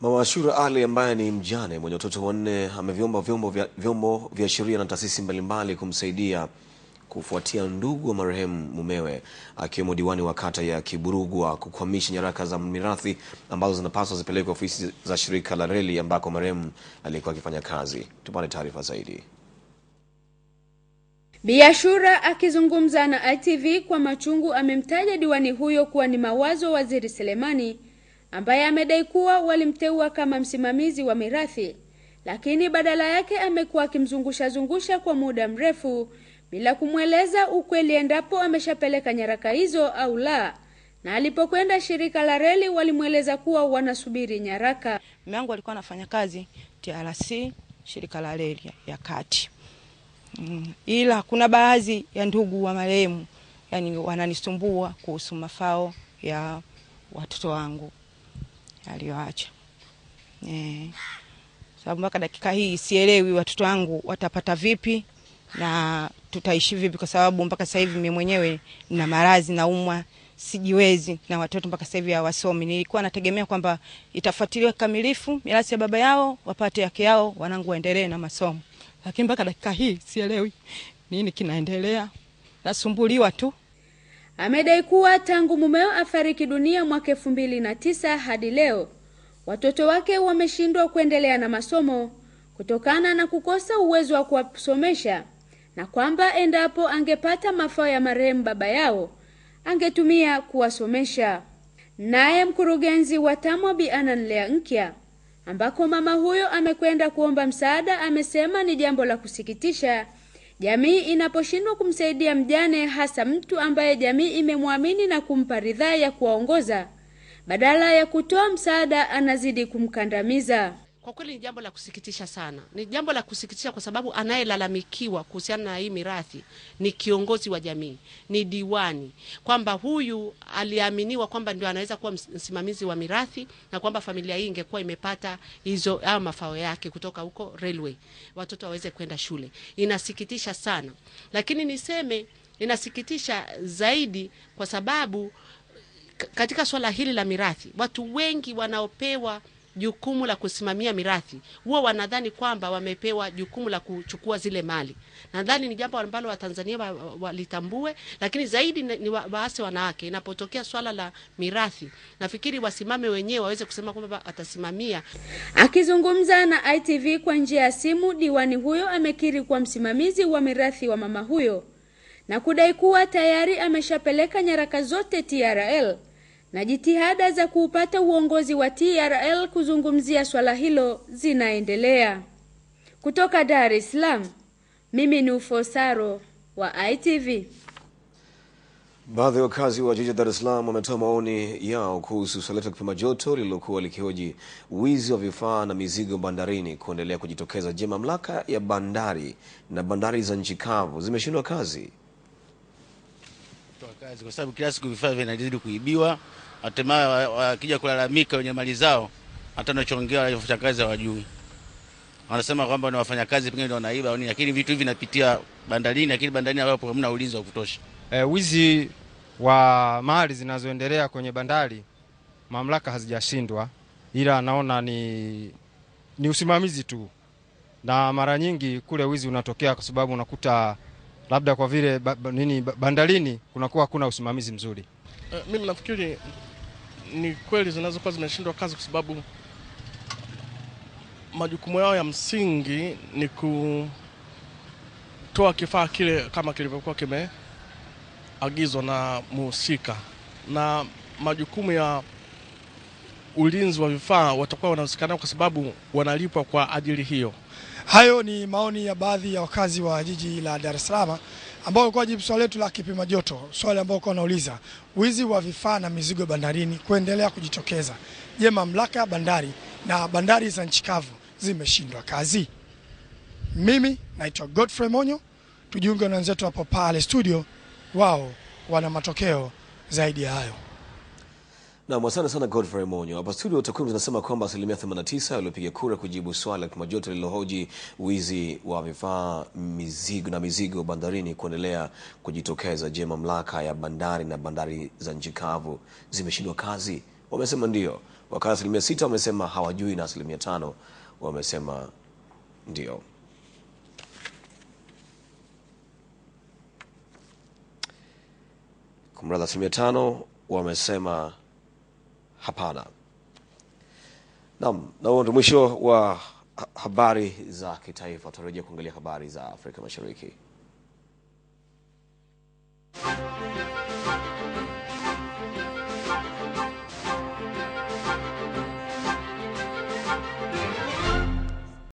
Mama Ashura Ali ambaye ni mjane mwenye watoto wanne ameviomba vyombo vya, vyombo vya sheria na taasisi mbalimbali kumsaidia kufuatia ndugu wa marehemu mumewe akiwemo diwani wa kata ya Kiburugwa kukwamisha nyaraka za mirathi ambazo zinapaswa zipelekwe ofisi za shirika la reli ambako marehemu alikuwa akifanya kazi. Tupate taarifa zaidi. Bi Ashura akizungumza na ITV kwa machungu amemtaja diwani huyo kuwa ni mawazo waziri Selemani ambaye amedai kuwa walimteua kama msimamizi wa mirathi, lakini badala yake amekuwa akimzungusha zungusha kwa muda mrefu bila kumweleza ukweli endapo ameshapeleka nyaraka hizo au la. Na alipokwenda shirika la reli walimweleza kuwa wanasubiri nyaraka. Mume wangu alikuwa anafanya kazi TRC, shirika la reli ya kati mm, ila kuna baadhi ya ndugu wa marehemu yani wananisumbua kuhusu mafao ya watoto wangu aliyoacha eh. Sababu mpaka dakika hii sielewi watoto wangu watapata vipi na tutaishi vipi, kwa sababu mpaka sasa hivi mimi mwenyewe nina maradhi, naumwa, sijiwezi, na watoto mpaka sasa hivi hawasomi. Nilikuwa nategemea kwamba itafuatiliwa kikamilifu mirasi ya baba yao, wapate yake yao, wanangu waendelee na masomo, lakini mpaka dakika hii sielewi nini kinaendelea, nasumbuliwa tu amedai kuwa tangu mumeo afariki dunia mwaka elfu mbili na tisa hadi leo watoto wake wameshindwa kuendelea na masomo kutokana na kukosa uwezo wa kuwasomesha na kwamba endapo angepata mafao ya marehemu baba yao angetumia kuwasomesha. Naye mkurugenzi wa TAMWA Bi Anan Lea Nkya, ambako mama huyo amekwenda kuomba msaada, amesema ni jambo la kusikitisha Jamii inaposhindwa kumsaidia mjane, hasa mtu ambaye jamii imemwamini na kumpa ridhaa ya kuwaongoza, badala ya kutoa msaada, anazidi kumkandamiza. Kwa kweli ni jambo la kusikitisha sana, ni jambo la kusikitisha kwa sababu anayelalamikiwa kuhusiana na hii mirathi ni kiongozi wa jamii, ni diwani, kwamba huyu aliaminiwa kwamba ndio anaweza kuwa msimamizi wa mirathi na kwamba familia hii ingekuwa imepata hizo au mafao yake kutoka huko railway, watoto waweze kwenda shule. Inasikitisha sana, lakini niseme inasikitisha zaidi kwa sababu katika swala hili la mirathi watu wengi wanaopewa jukumu la kusimamia mirathi, huwa wanadhani kwamba wamepewa jukumu la kuchukua zile mali. Nadhani ni jambo ambalo Watanzania walitambue wa, lakini zaidi ni waase wanawake, inapotokea swala la mirathi, nafikiri wasimame wenyewe waweze kusema kwamba watasimamia. Akizungumza na ITV kwa njia ya simu, diwani huyo amekiri kuwa msimamizi wa mirathi wa mama huyo na kudai kuwa tayari ameshapeleka nyaraka zote TRL na jitihada za kuupata uongozi wa TRL kuzungumzia swala hilo zinaendelea. Kutoka Dar es Salaam, mimi ni Ufosaro wa ITV. Baadhi ya wakazi wa jiji la Dar es Salaam wametoa maoni yao kuhusu swala la kipima joto lililokuwa likihoji wizi wa vifaa na mizigo bandarini kuendelea kujitokeza. Je, mamlaka ya bandari na bandari za nchi kavu zimeshindwa kazi? kazi, kwa sababu kila siku vifaa vinazidi kuibiwa. Hatimaye wakija kulalamika wenye mali zao, hata wanachoongea wafanyakazi hawajui. Wanasema kwamba ni wafanyakazi pengine ndio wanaiba nini, lakini vitu hivi vinapitia bandarini, lakini bandarini hapo hamna ulinzi wa kutosha. E, wizi wa mali zinazoendelea kwenye bandari, mamlaka hazijashindwa, ila naona ni, ni usimamizi tu, na mara nyingi kule wizi unatokea kwa sababu unakuta labda kwa vile ba, ba, nini bandarini kunakuwa hakuna usimamizi mzuri. Uh, mimi nafikiri ni kweli zinazokuwa zimeshindwa kazi kwa sababu majukumu yao ya msingi ni kutoa kifaa kile kama kilivyokuwa kimeagizwa na muhusika, na majukumu ya ulinzi wa vifaa watakuwa wanahusikana kwa sababu wanalipwa kwa ajili hiyo. Hayo ni maoni ya baadhi ya wakazi wa jiji la Dar es Salaam ambao walikuwa jibu swali letu la kipima joto, swali ambao kwa nauliza wizi wa vifaa na mizigo bandarini kuendelea kujitokeza. Je, mamlaka ya bandari na bandari za nchi kavu zimeshindwa kazi? Mimi naitwa Godfrey Monyo, tujiunge na wenzetu hapo pale studio, wao wana matokeo zaidi ya hayo. Nam, asante sana Godfrey Monyo. Hapa studio takwimu zinasema kwamba asilimia 89 waliopiga kura kujibu swala la kimajoto lililohoji wizi wa vifaa mizigo na mizigo bandarini kuendelea kujitokeza. Je, mamlaka ya bandari na bandari za nchikavu zimeshindwa kazi? Wamesema ndio, wakati asilimia sita wamesema hawajui na asilimia tano wamesema ndio. Kumradhi, asilimia tano wamesema Hapana. Naam, na huo ndio mwisho wa habari za kitaifa. Tutarejea kuangalia habari za Afrika Mashariki.